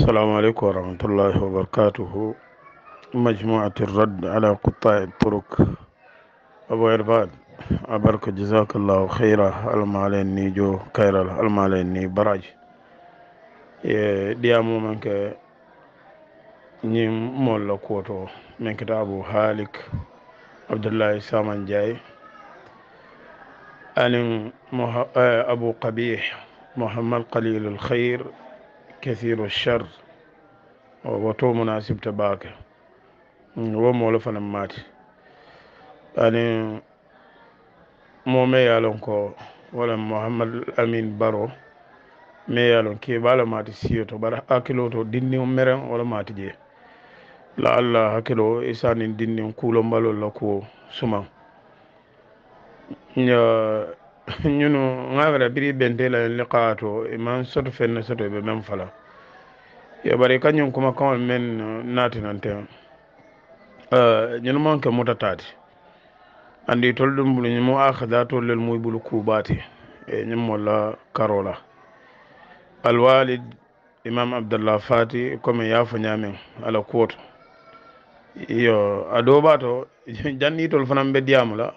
السلام عليكم ورحمة الله وبركاته مجموعة الرد على قطاع الطرق أبو إرباد أبارك جزاك الله خيرا المالين نيجو كيرا المالين براج إيه، ديامو منك نيم مولا كوتو من كتابو هالك عبد الله سامان جاي أنا أبو قبيح محمد قليل الخير kathiru shar o woto munasibta baake wo moolo fanaŋ maati aniŋ moo me ye a loŋ ko wala mouhamad amin baro me ye a loŋ keebaa le maati siyo to bari hakkiloo to dinniŋo mereŋ wo le maati jee la alla hakkiloo i se aniŋ dinniŋ kuulombalolu la kuwo sumaŋ ñun ŋawira biri bentela liqaato iman e soto fenne soto ɓe men fala yo bari kañum kuma kawol men natinanten ñun man ke mutataati andi tol ɗum bulu ñumo ahada tollel muy bulu kuubaate e ñummolla karola alwalid imam abdallah faty comme yaafo ñaamen ala kuwoto yo a doobaato janniitol fanan ɓe diyamu la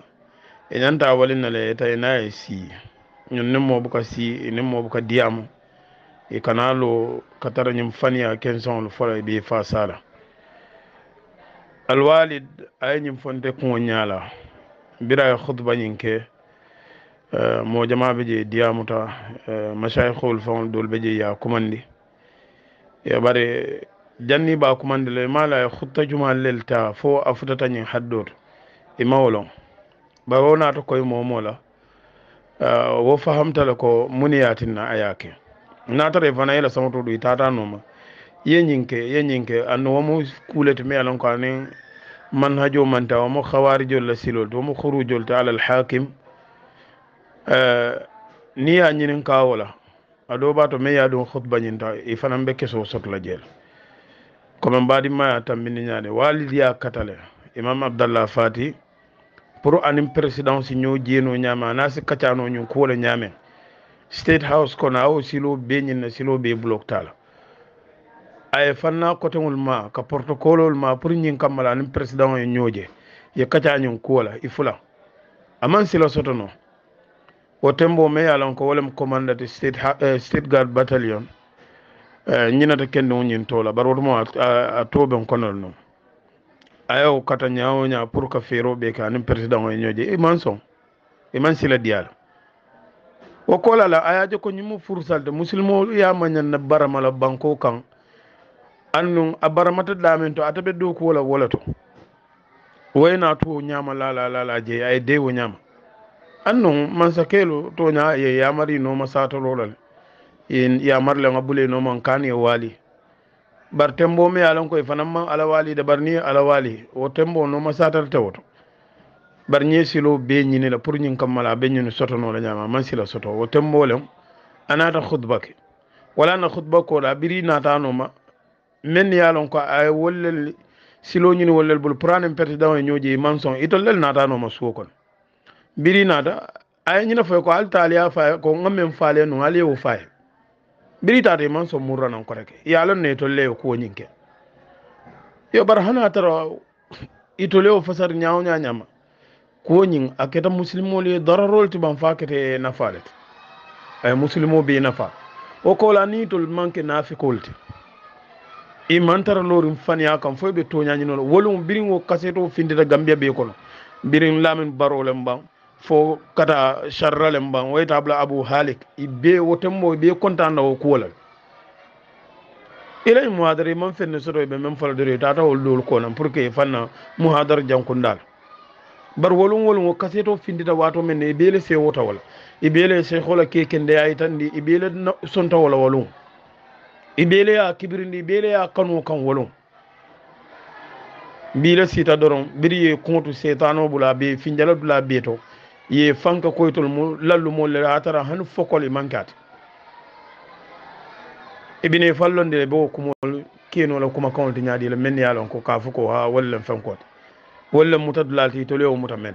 e ñanta walinna le e tawi na e si ñun nin mo buka si e nin mo buka diyamo e kana lo katara ñum faniya kensoŋol fola e ɓee fa sala alwalid aye ñum fonte kuŋo ñala bira e hutba ñin ke mo jamaɓe je diyamuta e, masayihol faŋol dol ɓe je ya kumandi e bare janni ɓa kumandi le mala e hutta jumal lel ta fo a futata ñin haddoto e mawolon bari wona naata koye momo la ah, wo fahamta ko muniyatin na ayake ye fana yela samoto du ɗu i tata noma ye ñiŋ ke ye ñiŋ ke annu wo mu kuuleti me ye lon ko man manhajo manta wo mu la silol ti wo mu ta ala alhakim ah, ni ye a ñiniŋ kawo la a doo baa to me ya a khutba hutba ta i fanaŋ be keso sok la jee ko comme baadimma ye a tambindi ñaade ya katale imam abdallah fati pour président si ñoo jeno ñama na si kacano ñu ko la ñame state house ko na o silo be ñin silo be block aye ay fanna kotengol ma ka protocole ma pour ñin kamala anin président ye ñoje ye kacano ñu ko la ifula aman silo sotono o tembo me yalan ko wolem commandate state uh, state guard battalion ñinata eh, uh, kende ñin tola bar wotomo a, a, a toben konol noon ayo kata ñawo ña pour que feero ɓe ka anin président o e eh, ñooje man son iman eh, sila diyala wo aya ayajo ko ñimu fursalde musilme na barama la banko kan annu a baramata ta to ata be dow ko wola wola to wayna to ñama lala lala jeeyi aye nyama ñama annun mansa to toña ye yamarino ya satorolale ye bule ɓulenoma kan ye waali bar tembo me alan koye fanan man alawali da bar ni alawali o tembo no masatar tawoto bar ñe silo be ni la pour ñin kammala be ñini sotono la ñama man sila soto o tembo len anata khutba ke wala na khutba ko la biri natanoma men ya lon ko ay wollel silo ñini wollel bul pranem président e ñoji manson itollel natanoma suwo kon biri nata ay ñina fay ko altaliya fay ko ngamen faale no aliyewo faye biritaata i maŋ soŋ murura naŋ kora ke na itolle yo nyinke yo bari hana tara itole wo fasari ñaawo ñaa ñama kuwo ñiŋ a keta musilimolu ye dararolu ti baŋ faa kete nafa le eh, ti a ye musilimo be i nafa wo kola niŋ itolu maŋ ke i maŋ tara looriŋ faniyaa kaŋ fo i be tooñañino la woluŋ wo kaseto findita gambiya bee kono biriŋ laamin baroo lem baŋ fo kata charrale mban wayta bla abu halik i be wotembo i be contant nawo kuwolal ilay mohadare man fenne soto ɓe men faladore tata wol dowol konan pour que fanna mohadare jankundal bar wolum wolum o kase to findita wato men ne i ɓele sewotawola i ɓele sekhola kekendeya i tan ndi i ɓele sontawola wolum i ɓele ya kibiri ndi i ɓele ya kanuo kan wolum mbila sita doron biriye kontu setano bula be finjala dula be to ye fanka koytol mo lallu mo le atara han fokol e mankate ibine fallonde e boo kumol kenola kuma kawol te ñaaɗi la menniyalon ko ka fo ko ha wallen fenkote wallen mutadulalti tolo yo muta men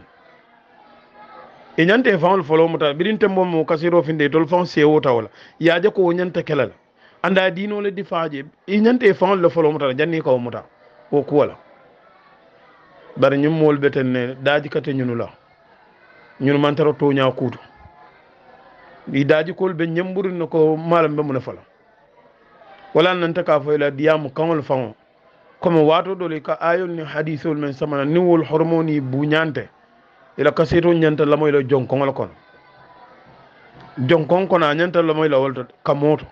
e ñante fawol folo muta ɓirin tembomo kasiro finde tol fan sewo tawla yaaja ko ñanta kelala anda dinole difaaje e ñante fawol le folo mutata janni kawo muta o kuwala bare ñummol ɓeten ne daaji kate ñunula ñun mantaro toñaa kuutu i daajikol be ñemburino ko maalam be mu ne fola wala nanta ka foyla diyaamu kaŋol faŋo comme waato ɗole ka ayol ni hadisol men samana niwol hormoni buñante ila kaseto ñanta lamoyla jonkoŋol kono jonkoŋ kono a ñanta lamoyla wolta ka mooto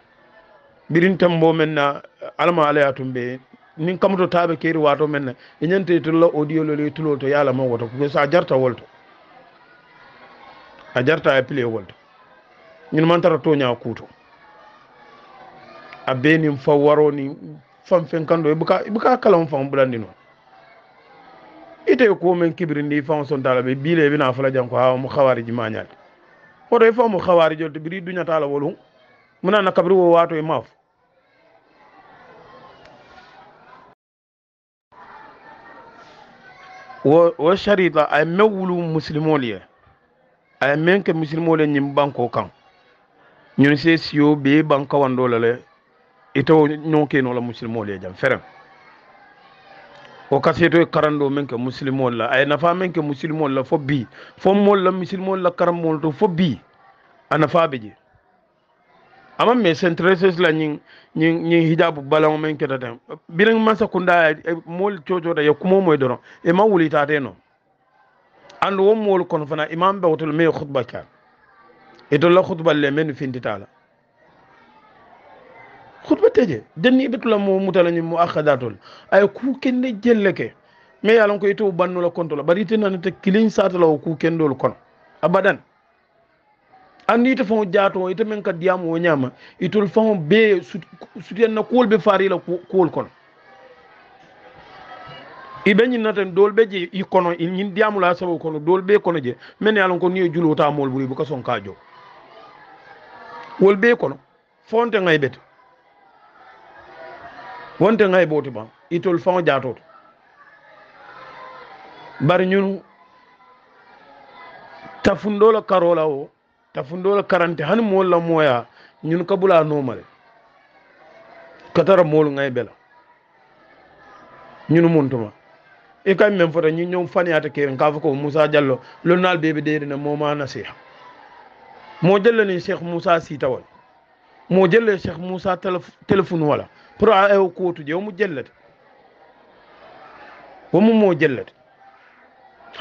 mbirin tembo men na alama alaya tum ɓe nin kamto taaɓe keeri waato men na e ñantee tulla audio lole tulol to yaalamo woto pasque sa jarta wolto a jarta a pile wolta ñin man tara toña kuuto a bee fa waro ni fan fen kando e buka kalan fan bulandi no ite ko men kibiri ndi fan be ɓe biile ɓena fala jan ko mu khawari ji mañal hoto i fa mu hawarijol to biri tala wolu munana kabiri wo wato e maafo wo wo sharita ay mewulu muslimol a ye meŋ ke misilimo le ñiŋ banko kaŋ ñiŋ se siyo bee bankawando le le ite wo ñoŋ keno la misilimo le jaŋ fereŋ o kaseto ye karando meŋ ke la a nafa meŋ ke la fo bii fo moolu la misilimol la karamol to fo bii a nafa be ama me centreses la ñiŋ ñiŋ ñiŋ hijabu balaŋo meŋ keta teŋ biriŋ masa kunda e, moolu cocoota ye kumo moy e doroŋ e ma wulitaate noo andu wo moolu kono fana imam be wotolu me khutba ka itolla khutba le men fintitala khutba teje denni betula mo mutala ni mu akhadatul ay ku kende jelle ke me yalan ko ito bannu la konto la bari tinana te kilin sata la ku kendol kono abadan andi ita fon jato ita men ka diamu nyama itul fon be sutiyan na kool be fari la kool kono iɓe ñinnaten dool ɓe je i kono ñin diyamula sabu kono dool ɓe kono je mene alon ko ni yo julota mool ɓuri buka son kajo wol ɓe kono fonte ngay ɓete wonte ngay booti ma itol fao jatoto bari ñunu tafundola karola o tafundola karante hani mool la moya ñunu ka bula nomale katara moolu ngay ɓela ñunu muntuma i kañ men fota ñi ñoom faniyata keren ka fo ko moussa diallo lonnal ɓeɓe ɗerina moma nasiha mo jellani cheikh moussa sitawol mo jelle cheikh moussa téléphone wala pour a ewo kotuje womo jellete womo mo jellete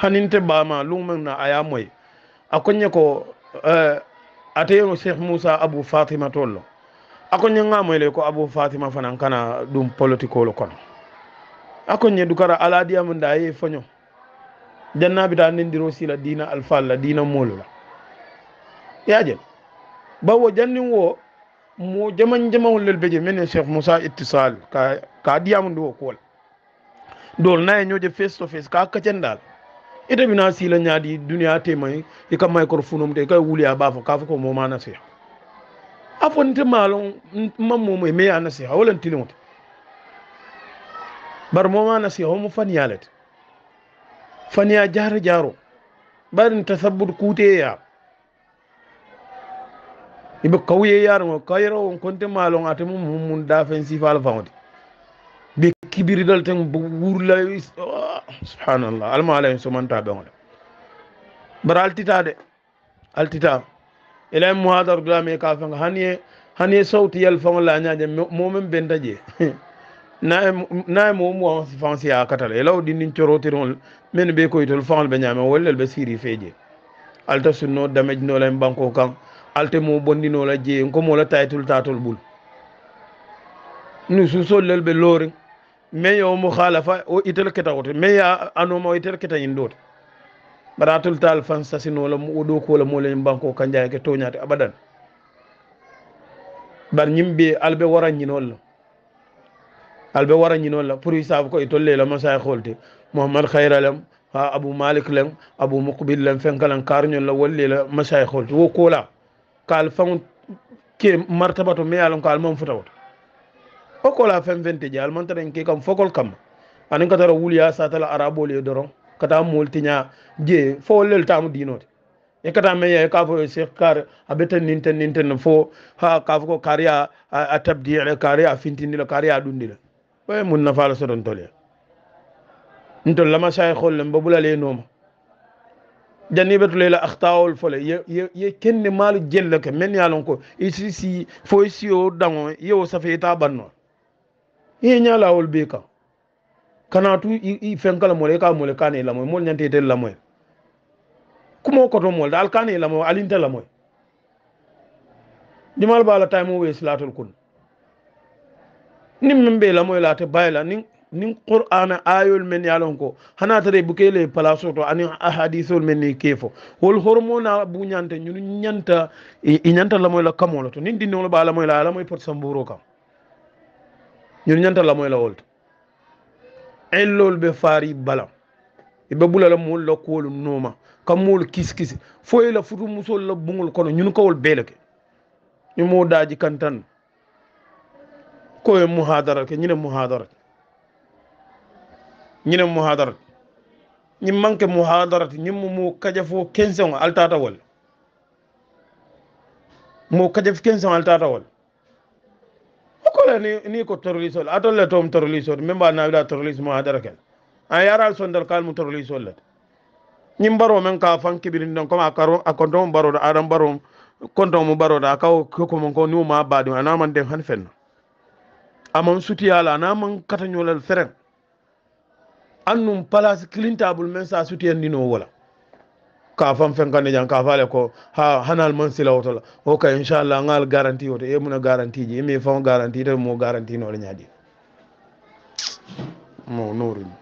haninte ɓama lumen na aya moye a koñe ko eh, ateyeno cheikh moussa abou fatima tollo a koñe gamoyle ko abou fatima fanan kana ɗum politique olo kono ye dukara aladiya mun da aye fanyo janna bita nin ndiro sila dina alfa la dina ya la ba bawo jannin wo mo jaman jaman lel beje men cheikh musa ittisal ka ka diya mun do kol dol na nyoje face to face ka kacen dal ita bina sila nyaadi duniya te mai e ka microphone mo te e ka wuli ba fo ka fo ko mo mana se afon te malon mammo e me me anase hawolan tilimot bar moma nasiya homo faniyalete faniya jaro jaro barin tasabbut kuteya ibe kawye yarngo kayro on konte malon ate mum mum mun dafen sifal fawdi be kibiri dal tan wurla oh, subhanallah alma alayhi sumanta be ngol bar altita de altita ila mu hadar glame ka fanga hanie hanie sawti yal fawla nyaaje momen ben daje nayemo mowa fansiya katala elaw ɗinin corotiron min ɓe koytol fanl ɓe ñame wallel ɓe siri feje alta sunno damage nola en banko kan alta mo bondinola jeeyen komola taytol tatol ɓol nu susollel ɓe lori mai yo mo halafa o itel keta wote mai ya anoma o itel keta yin dote bara tul tal fan sasinola mo o do kola mo len banko kanjaake toñate abadan bar nyimbe albe waran ñinol la alɓe warañinoon la pour i saabu koye tolle la masa holte mouhamad hayra lem ha abou malik len abou moukbil len fenkalan karñol la wolle la masa holte wo kola kaal faŋ ke martabato mais alon ko alman futawata o kola fen fente ja almantaren ke kam fokol kamma anin katara wulya satala araɓole doron kata moltiña je fo wollel tamu dinote e kata maya e ka fo cheikh kar a ɓetan nin ten nin ten fo ha kafo ko kariya a tabdire kariya a fintindila kariya a ɗundila koye mun nafala sotontole ntol lama sayholle mbabulale nooma janniɓetuleyla ahtawol fole ye kenne maalu jelle ke men yalon ko isi e si foy siyo dango yewo safe ta ɓanno ye ñalawol e be kan kanatu i fenkala e mole ka mole kane lamoy mol ñante tel lamoy kumo koto mol dal kane lamoy alinte lamoy dimal bala taymo we silatol kun nin min ɓe lamoyla te bayla nin nin qur'ana ayol men yalon ko hana tare bukele place to ani ahadisol men ni kefo wol hormona bu ñante ñun ñanta i ñanta lamoyla kamola to nin dinnolo ba lamoyla a lamoy pot samburo kam ñun ñanta lamoyla wol to ellol ɓe faari bala ɓe ɓulala mol la kuwol nooma kammol kiskisi foyla futu musol la bugol kono ñun kawol beeleke ñumo daji kantan كوي مهادرة كنين مهادرة نين مهادرة نين مانك مهادرة نين مو كجفو كنسان التاتا وال مو كجف كنسان التاتا وال وكولا ني ني كو تروليسول اتول لتوم تروليسول ميمبا نا بلا تروليس مهادرة كن ان يارال سون كالم تروليسول لت نين بارو من كا فانك بيرين دون كوم اكارو اكونتوم بارو ادم بارو كونتوم بارو دا كاو كوكو مونكو نيوما بادو انا مان دين aman sutiyala naman katañolal seren annum place clintable men sa sutiyandino wala ka fan fen kande jan ka fale ko ha hanal man sila woto la o ka inchallah ngal garanti woto e muna garanti ji e mi fan garanti to e mo garanti no le ñaadi mo norin